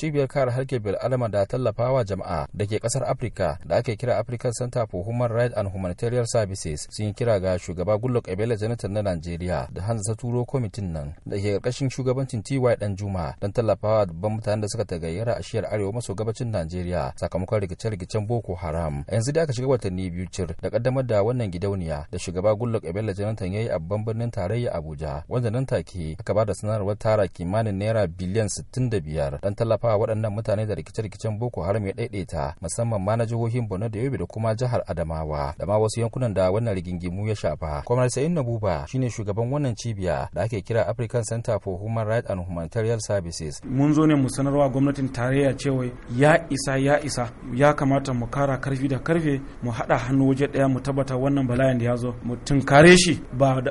cibiyar kare harkar bil'adama da tallafawa jama'a da ke kasar afirka da ake kira african center for human rights and humanitarian services sun kira ga shugaba gullok ebele jonathan na najeriya da hanzarta turo kwamitin nan da ke karkashin shugabancin ty dan juma don tallafawa dubban mutanen da suka tagayyara a shiyar arewa maso gabacin najeriya sakamakon rikice-rikicen boko haram yanzu da aka shiga watanni biyu cir da kaddamar da wannan gidauniya da shugaba gullok ebele jonathan ya yi a babban birnin tarayya abuja wanda nan take aka ba da sanarwar tara kimanin naira biliyan sittin da biyar don tallafa wa waɗannan mutane da rikice-rikicen boko haram ya daidaita musamman ma na jihohin borno da yobe da kuma jihar adamawa da ma wasu yankunan da wannan rigingimu ya shafa kwamar sa'in buba shine shugaban wannan cibiya da ake kira african center for human rights and humanitarian services mun zo ne mu sanarwa gwamnatin tarayya cewa ya isa ya isa ya kamata mu kara karfi da karfe mu haɗa hannu waje ɗaya mu tabbata wannan bala'in da ya zo mu tunkare shi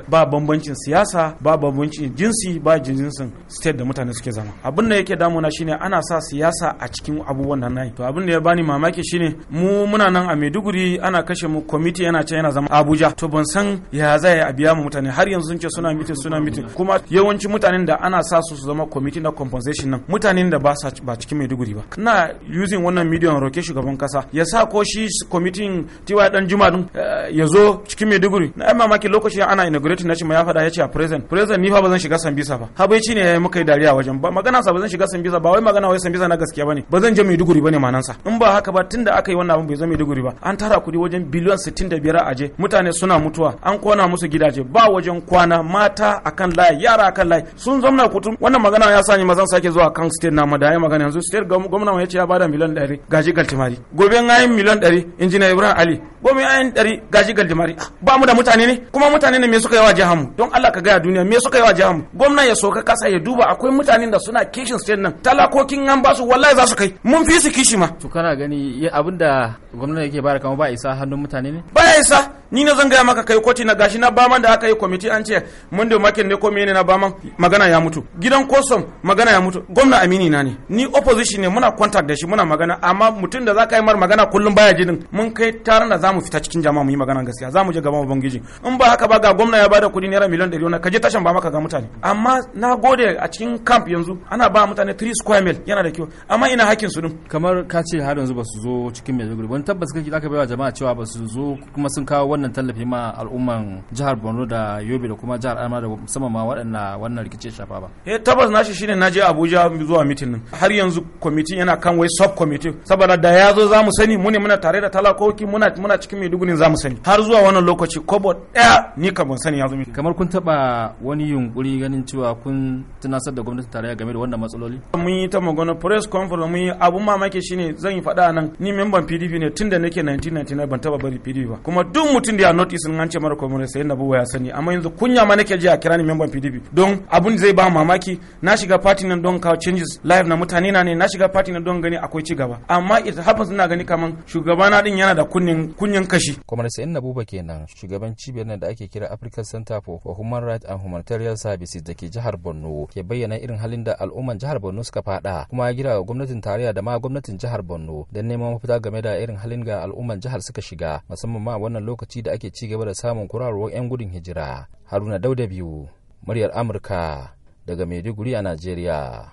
ba bambancin siyasa ba bambancin jinsi ba jinsin state da mutane suke zama abin da yake damuna shine ana sa siyasa a cikin abubuwan nan nayi to abin da ya bani mamaki shine mu muna nan a Maiduguri ana kashe mu committee yana can yana zama Abuja to ban san ya zai a biya mu mutane har yanzu ce suna mitin suna mitin kuma yawanci mutanen da ana sa su su zama committee na compensation nan mutanen da ba sa ba cikin Maiduguri ba na using wannan medium roke shugaban kasa ya sa ko shi committee tiwa dan juma din eh, ya zo cikin Maiduguri na mamaki lokacin ana inaugurate na shi ma ya faɗa ya ce a present present ni fa ba zan shiga Sambisa ba habai ne ya yi muka dariya wajen ba magana sa ba zan shiga Sambisa ba wai magana wai san bisa na gaskiya bane ba zan je Maiduguri bane sa in ba haka ba tunda aka yi wannan abin bai zama Maiduguri ba an tara kudi wajen biliyan 65 a je mutane suna mutuwa an kona musu gidaje ba wajen kwana mata akan layi yara akan layi sun zamna kutum wannan magana ya sani mazan sake zuwa kan state na madaya magana yanzu state gwamnati ya ce ya bada miliyan 100 gaji galtimari gobe an yi miliyan 100 injiniya Ibrahim Ali gobe an yi 100 gaji galtimari ah, ba mu da mutane ne kuma mutane ne me suka yi wa jihar mu don Allah ka ga duniya me suka yi wa jihar mu gwamnati ya soka kasa ya duba akwai mutanen da suna kishin state nan talakokin an ba su wallahi za su kai mun fi su kishi ma to kana gani abinda gwamnati yake bayar kama ba isa hannun mutane ne ba isa ni na zan gaya maka kai kwati na gashi na baman da aka yi kwamiti an ce mun da makin ne ko mene na baman magana ya mutu gidan kosom magana ya mutu gwamna amini na ne ni opposition ne muna contact da shi muna magana amma mutum da ka yi mar magana kullum baya jinin mun kai taron da zamu fita cikin jama'a mu yi magana gaskiya zamu je gaban ubangiji in ba haka ba ga gwamna ya bada kudi naira miliyan 100 ka je tashan ba maka ga mutane amma na gode a cikin camp yanzu ana ba mutane 3 square mil yana da kyau amma ina hakkin su din kamar ka ce har yanzu ba su zo cikin Maiduguri ban tabbas kake zaka bai wa jama'a cewa ba su zo kuma sun kawo wannan tallafi ma al'umman jihar borno da yobe da kuma jihar adamawa da musamman ma waɗanda wannan rikice shafa ba eh tabbas nashi shine na je abuja zuwa mitin har yanzu committee yana kan wai sub committee saboda da ya zo za mu sani mu ne muna tare da talakoki muna muna cikin maiduguri za mu sani har zuwa wannan lokaci kobo ɗaya ni ka ban sani ya zo mitin kamar kun taba wani yunkuri ganin cewa kun tunasar da gwamnati tarayya game da wannan matsaloli mun yi ta magana press conference mun yi abun mamaki shine zan yi faɗa nan ni memban pdp ne tunda nake 1999 ban taba bari pdp ba kuma duk mutum mutum da ya noti sun an mara communist sai buwa ya sani amma yanzu kunya ma nake ji a kira ni memban PDP don abun zai ba mamaki na shiga party nan don kawo changes life na mutane na ne na shiga party nan don gani akwai ci gaba amma it happens ina gani kaman shugaba na din yana da kunnin kunyan kashi communist sai buba kenan shugaban cibiyar nan da ake kira African Center for Human Rights and Humanitarian Services da ke jihar Borno ke bayyana irin halin da al'umman jihar Borno suka fada kuma ya gira gwamnatin tarayya da ma gwamnatin jihar Borno don neman mafita game da irin halin ga al'umman jihar suka shiga musamman ma wannan lokaci lokaci da ake ci gaba da samun kurarwar 'yan gudun hijira haruna dauda biyu muryar amurka daga maiduguri a nigeria.